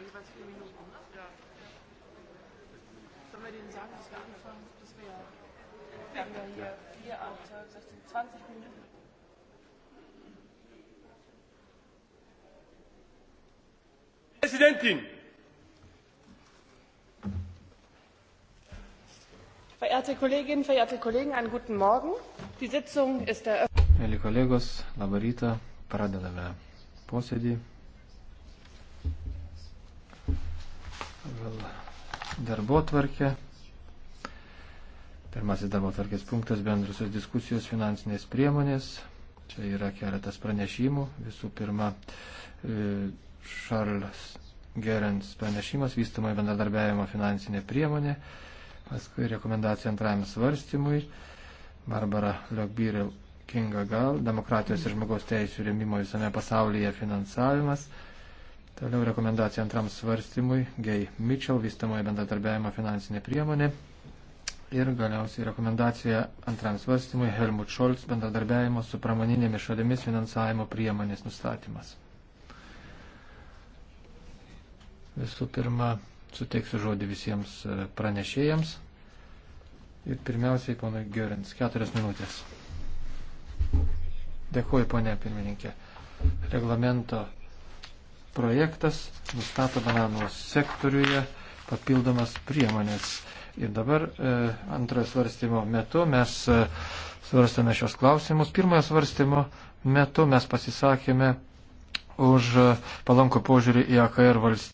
ja jeweils vier Minuten. Ne? Ja. Sollen wir denen sagen, dass wir angefangen haben, dass wir ja, wir haben ja hier vier am Tag, 16, 20 Minuten. Präsidentin! Verehrte Kolleginnen, verehrte Kollegen, einen guten Morgen. Die Sitzung ist eröffnet. Mėly kolegos, labą rytą, pradedame posėdį. pagal darbo tvarkę. Pirmasis darbo tvarkės punktas - bendrusios diskusijos finansinės priemonės. Čia yra keletas pranešimų. Visų pirma, Šarlas e, Gerens pranešimas - vystamojo bendradarbiavimo finansinė priemonė. Paskui rekomendacija antrajam svarstymui. Barbara Liokbyrė Kinga Gal - demokratijos ir žmogaus teisų rėmimo visame pasaulyje finansavimas. Toliau rekomendacija antram svarstymui, gei Mitchell, vystamoje bendradarbiavimo finansinė priemonė. Ir galiausiai rekomendacija antram svarstymui Helmut Scholz bendradarbiavimo su pramoninėmis šalimis finansavimo priemonės nustatymas. Visų pirma, suteiksiu žodį visiems e, pranešėjams. Ir pirmiausiai, ponai Gerins, keturias minutės. Dėkuoju, ponė pirmininkė. Reglamento projektas nustato bananų sektoriuje papildomas priemonės. Ir dabar e, antrojo svarstymo metu mes e, svarstame šios klausimus. Pirmojo svarstymo metu mes pasisakėme už e, palankų požiūrį į AKR valstybę.